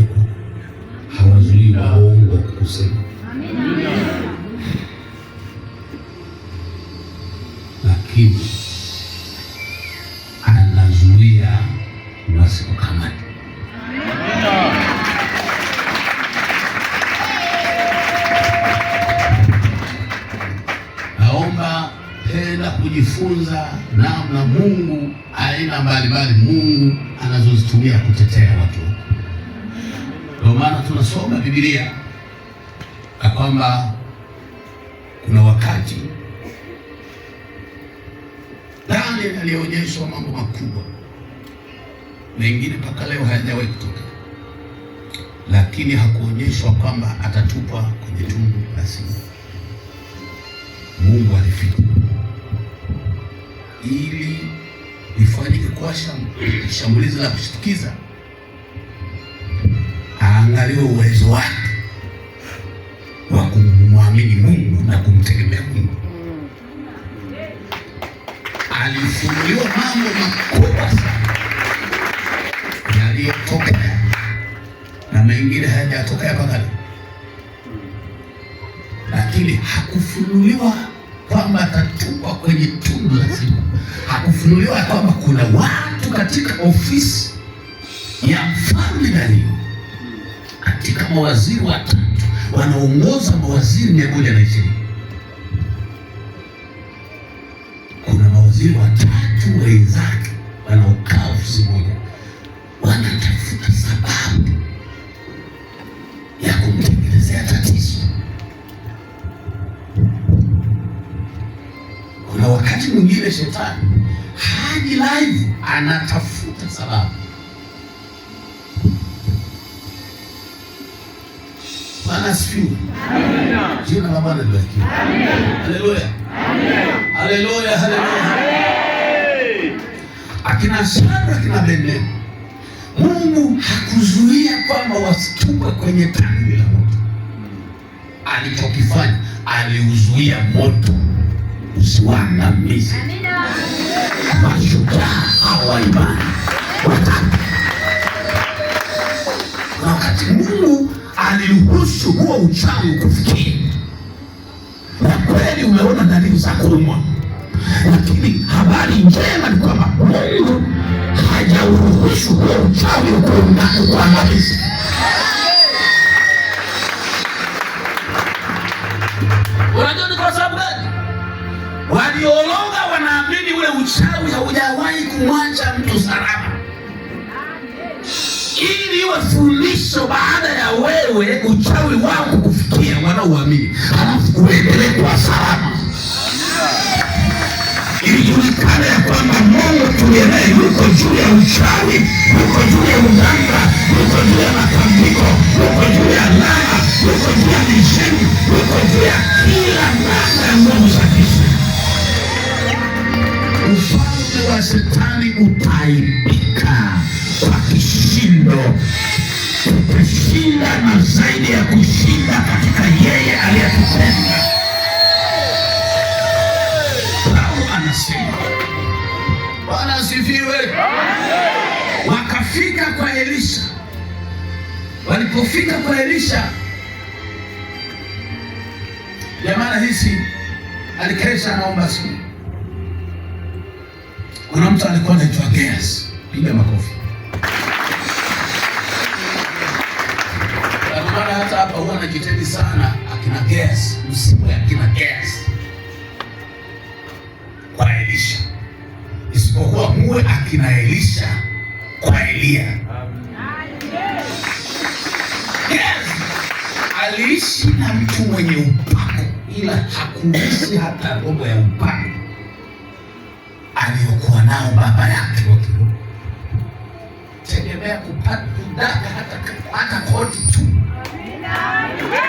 kuja hawazuii waongo kusema lakini anazuia wasikukamata. Naomba tena kujifunza namna Mungu aina mbalimbali Mungu anazozitumia kutetea watu. Ndio maana tunasoma Biblia na kwamba kuna wakati Daniel alionyeshwa mambo makubwa, mengine mpaka leo hayajawahi kutoka, lakini hakuonyeshwa kwamba atatupwa kwenye tundu la simba. Mungu alifika ili ifanyike kwa shambulizi la kushtukiza. Angaliwe uwezo wake wa kumwamini Mungu na kumtegemea Mungu. Alifunuliwa mambo makubwa sana yaliyotokea na mengine hayajatokea mpaka leo, lakini hakufunuliwa kwamba atatupwa kwenye tundu la simba. Hakufunuliwa kwamba kuna watu katika ofisi ya mfalme Dario katika mawaziri watatu wanaongoza mawaziri mia moja na ishirini. Kuna mawaziri watatu wenzake wanaokaa ofisi moja, wanatafuta sababu ya kumtengenezea tatizo. Kuna wakati mwingine shetani haji live, anatafuta sababu Bwana asifiwe. Amina. Jina la Bwana libarikiwe. Amina. Haleluya. Amina. Haleluya, haleluya. Akina Shadraka, akina Abednego, Mungu hakuzuia kwamba wasitupe kwenye tanuri la moto. Alichokifanya, aliuzuia moto usiwaangamize. Mashujaa hawa imani watatu. Na wakati Mungu aliruhusu huo uchawi kufikia, na kweli umeona dalili za kuumwa, lakini habari njema ni kwamba Mungu hajauruhusu huo uchawi ukuangamizi. Unajua ni kwa sababu gani? Waliologa wanaamini ule uchawi haujawahi kumwacha mtu salama, ili iwe fundisho baada ya wewe uchawi wako kufikia wanaoamini, halafu uendelee kwa salama. Ijulikane ya kwamba Mungu tuliye naye yuko juu ya uchawi, yuko juu ya uganga, yuko juu ya matambiko, yuko juu ya lala, yuko juu ya misheni, yuko juu ya kila namna ya nguvu za kisi. Ufalme wa shetani utaibika kwa kishindo tutashinda na zaidi ya kushinda katika yeye aliyetupenda. Paulo anasema, Bwana asifiwe. Wakafika kwa Elisha. Walipofika kwa Elisha, jamani, hisi alikesha anaomba siku. Kuna mtu alikuwa anaitwa Gehazi, piga makofi. maana hata hapa huwa najitahidi sana akina gas, msimu ya akina gas kwa Elisha, isipokuwa muwe akina Elisha kwa Elia. Yes, aliishi na mtu mwenye upako, ila hakuishi hata robo ya upako aliyokuwa nao baba yake tegemea kupata hata hata koti tu Amém.